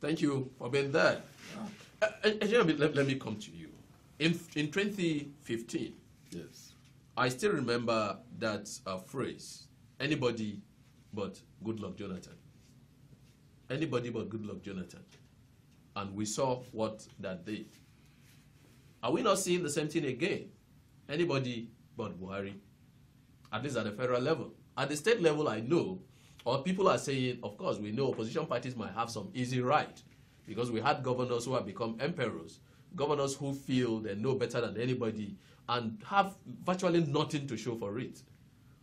Thank you for being there. Uh, uh let, let, me come to you. In, in 2015, yes, I still remember that uh, phrase, anybody but good luck Jonathan. Anybody but good luck Jonathan. And we saw what that did. Are we not seeing the same thing again? Anybody but Buhari, at least at the federal level. At the state level, I know or people are saying, of course, we know opposition parties might have some easy right because we had governors who have become emperors, governors who feel they know better than anybody and have virtually nothing to show for it.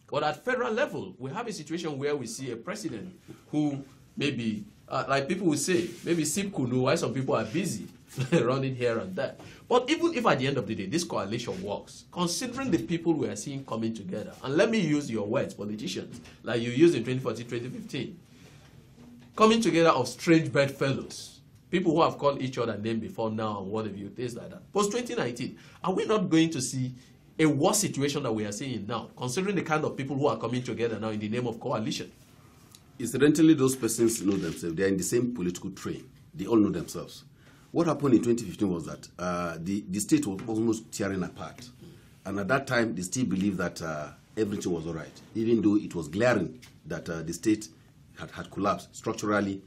But at federal level, we have a situation where we see a president who maybe uh, like people will say, maybe sip know why some people are busy running here and there. But even if at the end of the day this coalition works, considering the people we are seeing coming together, and let me use your words, politicians, like you used in 2014, 2015, coming together of strange bedfellows, people who have called each other name before now and what have you, things like that. Post 2019, are we not going to see a worse situation that we are seeing now, considering the kind of people who are coming together now in the name of coalition? Incidentally, those persons know themselves. They are in the same political train. They all know themselves. What happened in 2015 was that uh, the, the state was almost tearing apart. And at that time, they still believed that uh, everything was all right, even though it was glaring that uh, the state had, had collapsed structurally,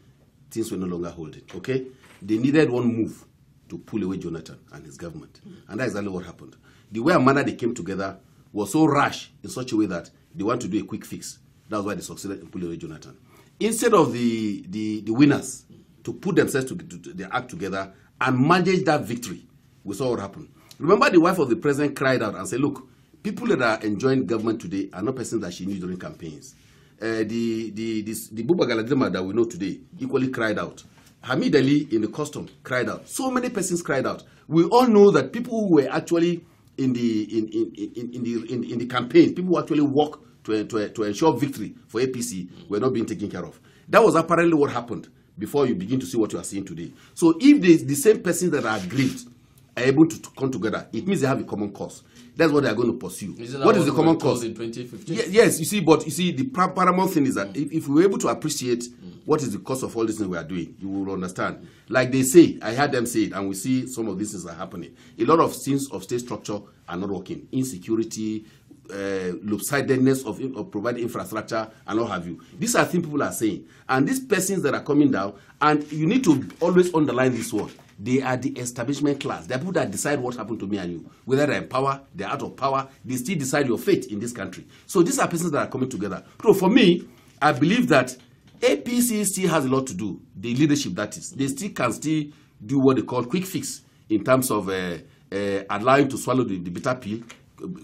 things were no longer holding. Okay, they needed one move to pull away Jonathan and his government, and that's exactly what happened. The way and manner they came together was so rash in such a way that they want to do a quick fix. That's why they succeeded in Impulio Jonathan. Instead of the, the, the winners to put themselves to, to, to, their act together and manage that victory, we saw what happened. Remember, the wife of the president cried out and said, Look, people that are enjoying government today are not persons that she knew during campaigns. Uh, the the this, the Buba Galadima that we know today equally cried out. Hamid Ali in the custom cried out. So many persons cried out. We all know that people who were actually in the in in in, in the in, in the campaign, people who actually work to, to, to ensure victory for APC were not being taken care of. That was apparently what happened before you begin to see what you are seeing today. So if the, the same persons that are aggrieved are able to, to come together, it means they have a common cause. That's what they are going to pursue. What is the common cause? In 2015? yes, you see, but you see, the paramount thing is that mm. if, if we're able to appreciate mm. what is the cause of all these things we are doing, you will understand. Like they say, I heard them say it, and we see some of these things are happening. A lot of things of state structure are not working. Insecurity, uh, lopsidedness of, of providing infrastructure and all have you. These are things people are saying. And these persons that are coming down, and you need to always underline this word, they are the establishment class. They are people that decide what happened to me and you. Whether they're in power, they're out of power, they still decide your fate in this country. So these are persons that are coming together. So for me, I believe that APC still has a lot to do, the leadership that is. They still can still do what they call quick fix in terms of uh, uh, allowing to swallow the, the bitter pill,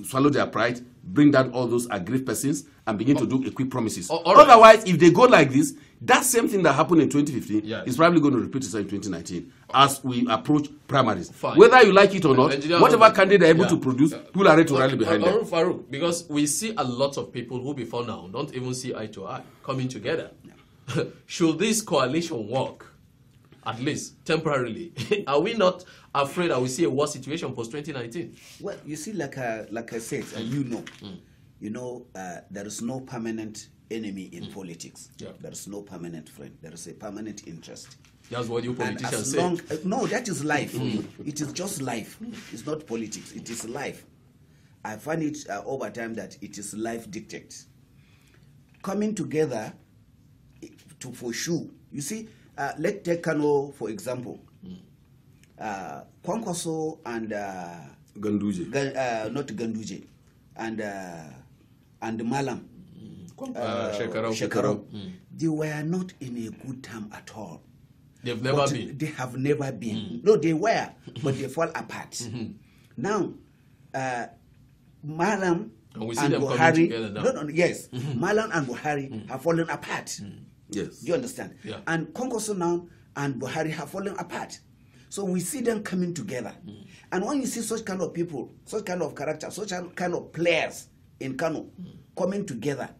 swallow their pride, bring down all those aggrieved persons and begin oh. to do quick promises. Oh, right. Otherwise, if they go like this, that same thing that happened in 2015 yeah. is probably going to repeat itself in 2019 as we approach primaries. Fine. Whether you like it or not, whatever candidate they're able yeah. to produce, yeah. people are ready to okay. rally behind Faruk, uh, them. Faruk, because we see a lot of people who before now don't even see eye to eye coming together. Should this coalition work, at least temporarily, are we not afraid I will see a worse situation post 2019. Well, you see, like I, like I said, and you know, mm. mm. you know, uh, there is no permanent enemy in mm. politics. Yeah. There is no permanent friend. There is a permanent interest. That's what you politicians say. Long, uh, no, that is life. Mm. mm. It is just life. It's not politics. It is life. I find it uh, over time that it is life dictate. Coming together eh, to for sure. You see, uh, let's take for example uh, Kwankwaso and uh, Ganduje. Gan, uh, not Ganduje, and uh, and Malam. Mm. Uh, Shekarau. Mm. They were not in a good time at all. They've never but been. They have never been. Mm. No, they were, but they fall apart. -hmm. Now, uh, Malam and, and Buhari. No, no, yes, hmm. Malam and Buhari hmm. have fallen apart. Hmm. Yes. you understand? Yeah. And Kongoso now and Buhari have fallen apart. So we see them coming together. Mm. And when you see such kind of people, such kind of character, such kind of players in Kano mm. coming together,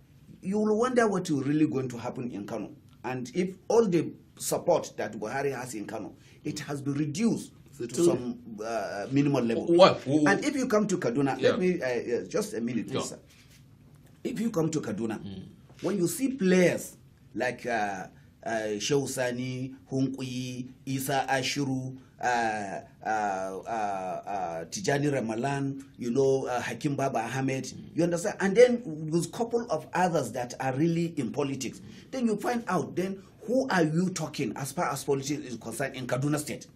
you will wonder what is really going to happen in Kano. And if all the support that Buhari has in Kano, it has been reduced to, to some uh, minimal level. What? And if you come to Kaduna, yeah. let me, uh, uh, just a minute, please, yeah. If you come to Kaduna, mm. when you see players like uh, uh, Shosani, Hunkuyi, Isa Ashuru, uh, uh, uh, Tijani Ramalan, you know, uh, Hakim Baba Ahmed. You understand? And then those couple of others that are really in politics. Then you find out then who are you talking as far as politics is concerned in Kaduna State.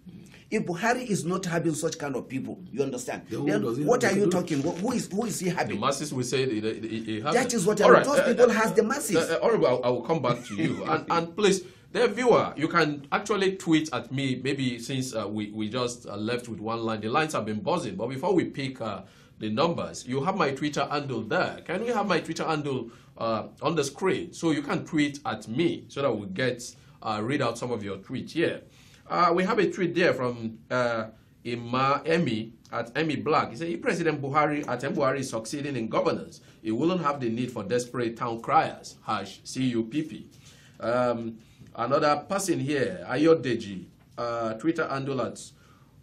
If Buhari is not having such kind of people, you understand? then what are you do? talking? Who is who is he having? The masses will say it, it, it That is what I Right. Those uh, uh, people has the masses. all right, I will come back to you and, and please. Dear viewer, you can actually tweet at me, maybe since uh, we, we just uh, left with one line. The lines have been buzzing, but before we pick uh, the numbers, you have my Twitter handle there. Can we have my Twitter handle uh, on the screen? So you can tweet at me so that we get uh, read out some of your tweets here. Uh, we have a tweet there from Ima Emi at Emi Black. He said, if President Buhari at Buhari is succeeding in governance, he wouldn't have the need for desperate town criers, hash, CUPP. Um, Another person here, Ayodeji, uh, Twitter handle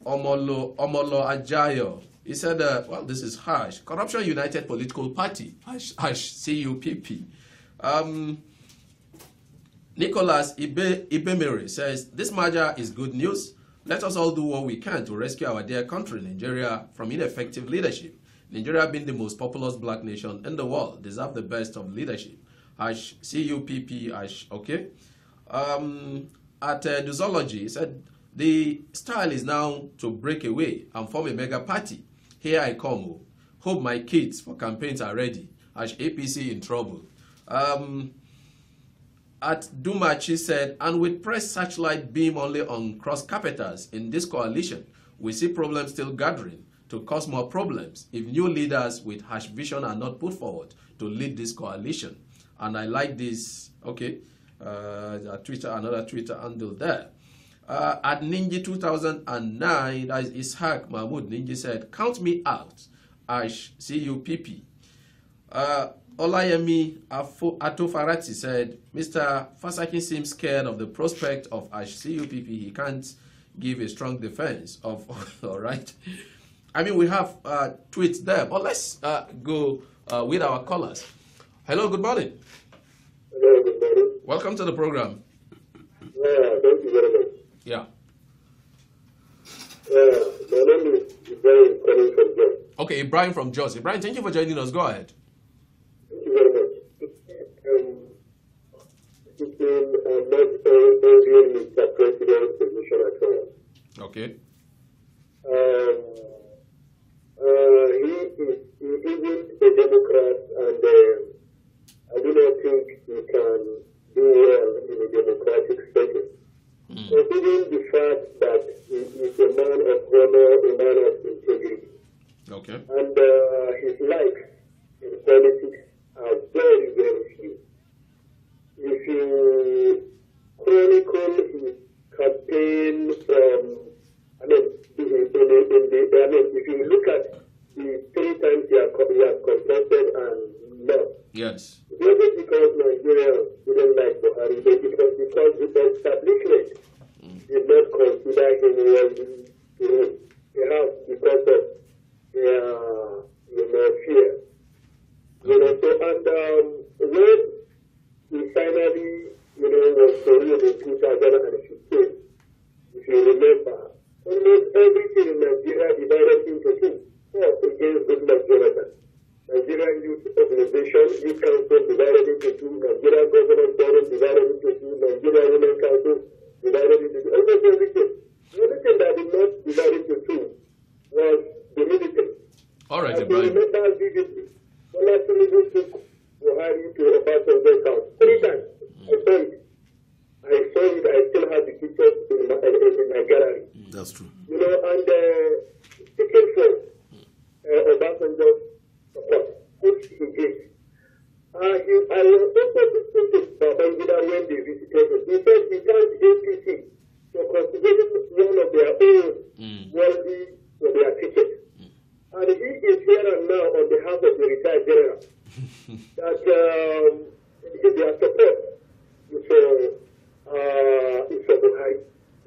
Omolo, Omolo Ajayo. He said, uh, well, this is harsh. Corruption United Political Party, hash hash CUPP. Um, Nicholas Ibe, Ibemere says, this merger is good news. Let us all do what we can to rescue our dear country, Nigeria, from ineffective leadership. Nigeria, being the most populous black nation in the world, deserve the best of leadership. Hash, C-U-P-P, hash, okay? um, at uh, the said the style is now to break away and form a mega party. Here I come. Oh. Hope my kids for campaigns are ready. As APC in trouble. Um, at Dumachi said, and with press searchlight beam only on cross capitals in this coalition, we see problems still gathering to cause more problems if new leaders with harsh vision are not put forward to lead this coalition. And I like this, okay, uh, Twitter, another Twitter handle there. Uh, at Ninja 2009, that is Ishaq Mahmoud Ninja said, Count me out, Ash, C-U-P-P. Uh, Olayemi Atofarati said, Mr. Fasakin seems scared of the prospect of Ash, C-U-P-P. He can't give a strong defense of, all right. I mean, we have uh, tweets there, but let's uh, go uh, with our callers. Hello, good morning. Welcome to the program. Yeah, thank you very much. Yeah. Yeah, my name is Ibrahim calling from Jos. Okay, Ibrahim from Jos. Ibrahim, thank you for joining us. Go ahead. Thank you very much. Um, it's been uh, not arguing with the president's position at Okay. Um, uh, he, is, he isn't a Democrat, and uh, I do not think he can well, in a democratic setting. Mm. Considering the fact that he is a man of honor, a man of integrity. Okay. And uh, his life in politics are very, very few. If you chronicle his campaign from, I mean, in the, in the, I mean, if you look at the three times he, has contested and lost. Yes. Maybe because uh, Nigeria didn't like Buhari, but because, because the establishment did not consider anyone to perhaps because of their, you know, fear. You know, so, and um, when he finally, you know, was created in 2015, if you remember, almost everything in Nigeria divided into two, against Goodluck Jonathan. Nigerian Youth Organization, Youth Council divided into two, Nigerian Government Forum divided into two, Nigerian Women Council divided into two. Almost everything. The only thing that did not divide into two was the military. All right, Ibrahim. I remember vividly. When I took Buhari to three times, mm. I saw it. I saw it. I still have the pictures in my, in my gallery. That's true. You know, and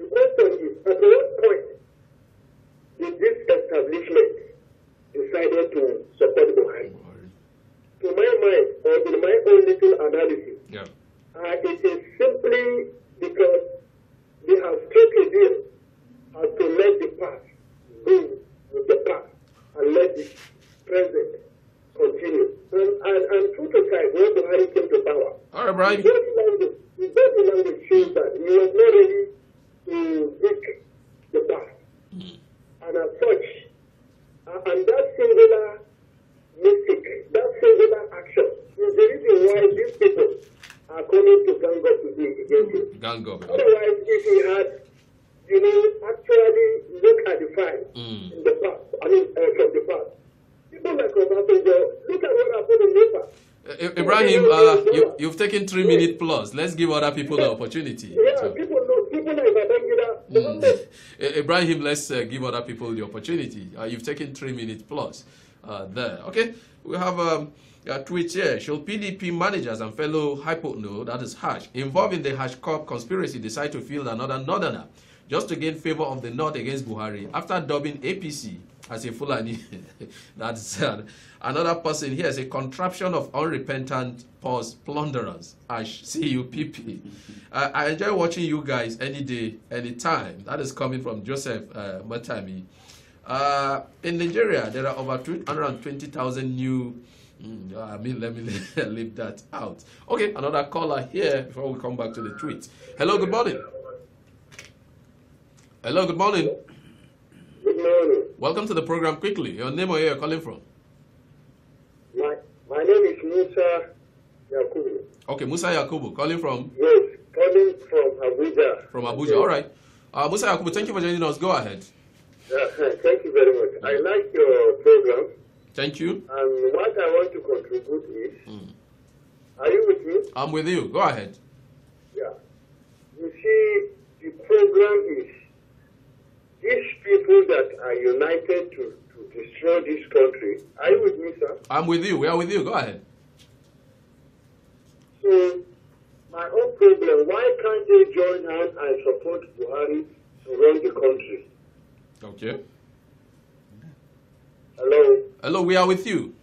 of you, at what point did this establishment decided to support Buhari? To my mind, or in my own little analysis, yeah. uh, it is simply because they have struck a deal as to let the past go with the past and let the present continue. And, and, and through the time when Buhari came to power, All right, Brian. His body that he was not ready to break the back. And as such, uh, and that singular mistake, that singular action is the reason why these people are coming to gang up today against him. Gang up. Otherwise, if he had, you know, actually look at the fact mm. in the past, I mean, uh, from the past, people like Obasanjo, look at what happened in Nepal. Eh, eh, Ibrahim, uh, you, you've taken three minutes plus. Let's give other people the opportunity. Yeah, to... people Mm. Eh, Ibrahim, let's uh, give other people the opportunity. Uh, you've taken three minutes plus uh, there. Okay, we have um, a tweet here. Should PDP managers and fellow hypotno, that is Hash, involved in the Hash Corp conspiracy decide to field another northerner just to gain favor of the North against Buhari after dubbing APC as a Fulani, that's another person here is a contraption of unrepentant pause plunderers, ash, C-U-P-P. uh, I enjoy watching you guys any day, any time. That is coming from Joseph uh, Matami. Uh, in Nigeria, there are over two hundred twenty thousand new Mm, I mean, let me leave that out. Okay, another caller here before we come back to the tweet. Hello, good morning. Hello, good morning. Welcome to the program quickly. Your name or where you're calling from? My, my name is Musa Yakubu. Okay, Musa Yakubu. Calling from? Yes, calling from Abuja. From Abuja, all right. Uh, Musa Yakubu, thank you for joining us. Go ahead. Uh, thank you very much. Mm. I like your program. Thank you. And what I want to contribute is, mm. are you with me? I'm with you. Go ahead. Yeah. You see, are united to, to destroy this country. Are you with me, sir? I'm with you. We are with you. Go ahead. So, my own problem, why can't they join hands and support Buhari to run the country? Okay. Hello. Hello, we are with you.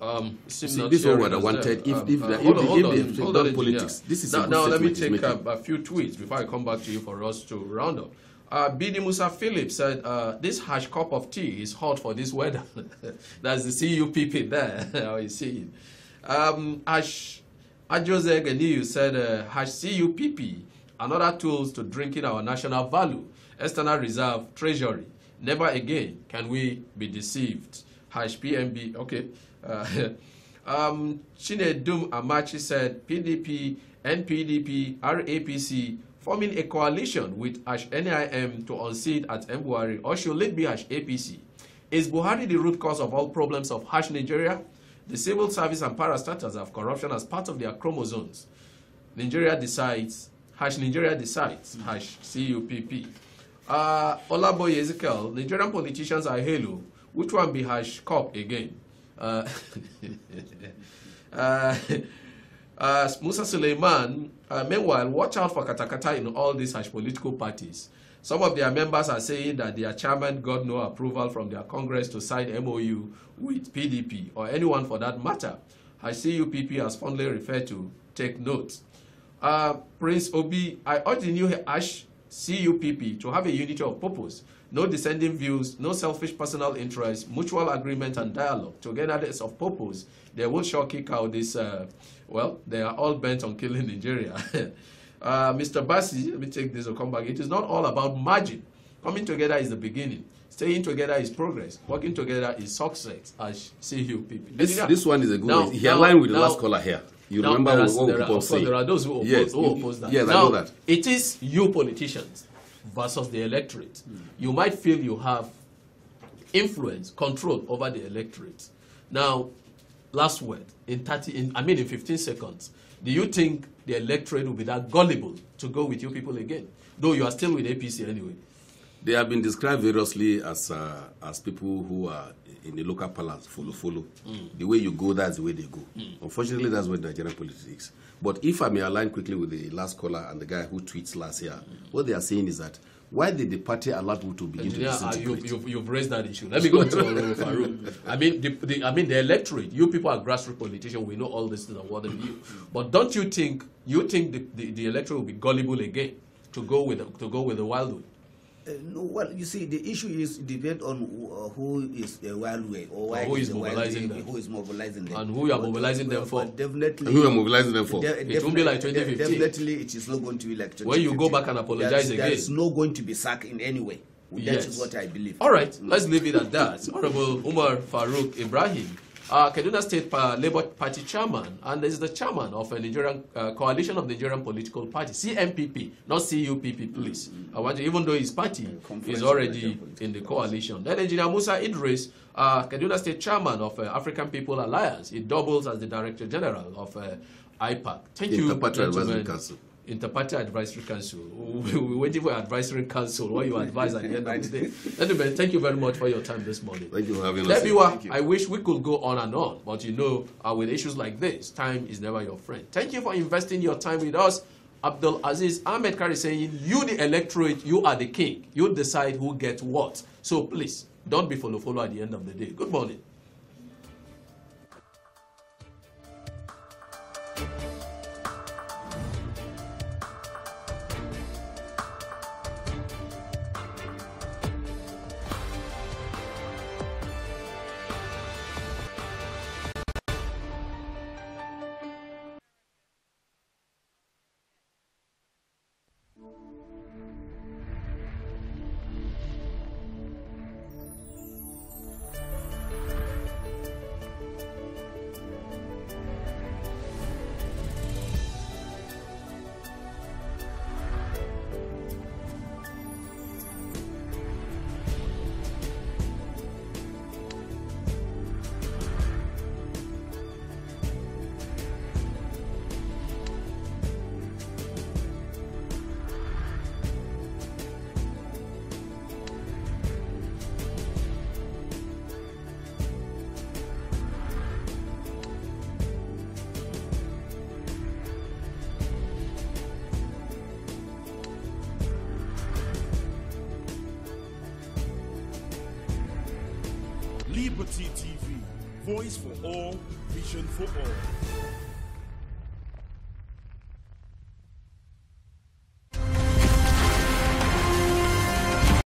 Um, See, this is what I wanted. If, if, um, uh, if, if, politics, this is now. now let me take a, a few tweets before I come back to you for us to round up. Uh, Bidi Musa Phillips said, uh, this harsh cup of tea is hot for this weather. That's the CUPP there, how you see it. Um, Ash, Ajose Ganiu said, uh, Hash CUPP and other tools to drinking our national value, external reserve, treasury. Never again can we be deceived. Hash PMB, okay. Uh, um, Chinedum Amachi said, PDP, NPDP, RAPC forming a coalition with NIM to unseat at Mbuhari or should it be APC? Is Buhari the root cause of all problems of harsh Nigeria? The civil service and parastatals have corruption as part of their chromosomes. Nigeria decides, hash Nigeria decides, hash CUPP. Uh, Olaboy Ezekiel, Nigerian politicians are halo. Which one be hash cop again? Uh, uh, uh, Musa Suleiman, uh, meanwhile, watch out for katakata in all these harsh political parties. Some of their members are saying that their chairman got no approval from their Congress to sign MOU with PDP or anyone for that matter. I see UPP as fondly referred to. Take note. Uh, Prince Obi, I urge the new Ash CUPP to have a unity of purpose, no descending views, no selfish personal interests, mutual agreement and dialogue, togetherness of purpose, they will sure kick out this, uh, well, they are all bent on killing Nigeria. uh, Mr. Bassi, let me take this or come back. It is not all about margin. Coming together is the beginning. Staying together is progress. Working together is success, as CUPP. This, this one is a good now, one. He aligned with the now, last caller here. You now, remember what, are, people say. There are those who oppose, yes, who oppose that. Yes, now, I know that. It is you politicians versus the electorate. Mm. You might feel you have influence, control over the electorate. Now, last word, in 30, in, I mean in 15 seconds, do you think the electorate will be that gullible to go with you people again? Though you are still with APC anyway. They have been described variously as, uh, as people who are in the local palace, follow, follow. Mm. The way you go, that's the way they go. Mm. Unfortunately, that's what Nigerian politics. But if I may align quickly with the last caller and the guy who tweets last year, mm. what they are saying is that why did the party allow people to begin to disintegrate? Ah, you, you, you've raised that issue. Let me go to uh, Farouk. I mean, the, the, I mean, the electorate. You people are grassroots politicians. We know all this is what they you. But don't you think you think the, the, the electorate will be gullible again to go with to go with the wildwood? Uh, no, well, you see, the issue is depend on who, uh, who is the wild way or who is, mobilizing way, them. Who is mobilizing them? And who you are uh, mobilizing them for? Definitely. who you are mobilizing them for? De- it won't be like 2015. De definitely, it is not going to be like 2015. When you go back and apologize That's, again, there is no going to be sack in any way. That yes. is what I believe. All right, let's leave it at that. Honorable Umar Farouk Ibrahim uh, Kaduna State uh, Labour Party chairman and is the chairman of a Nigerian uh, coalition of Nigerian political parties, CMPP, not CUPP, please. Mm -hmm. to, even though his party is already in the coalition. Then Engineer Musa Idris, uh, Kaduna State chairman of uh, African People Alliance, he doubles as the director general of uh, IPAC. Thank you, Interparty advisory council. We, are waiting for advisory council. What you advise at the end of the day. Anyway, thank you very much for your time this morning. Thank you for having us. Lebiwa, I wish we could go on and on, but you know, uh, with issues like this, time is never your friend. Thank you for investing your time with us. Abdul Aziz Ahmed Kari saying, you the electorate, you are the king. You decide who gets what. So please, don't be follow-follow at the end of the day. Good morning. Voice for All, Vision for All.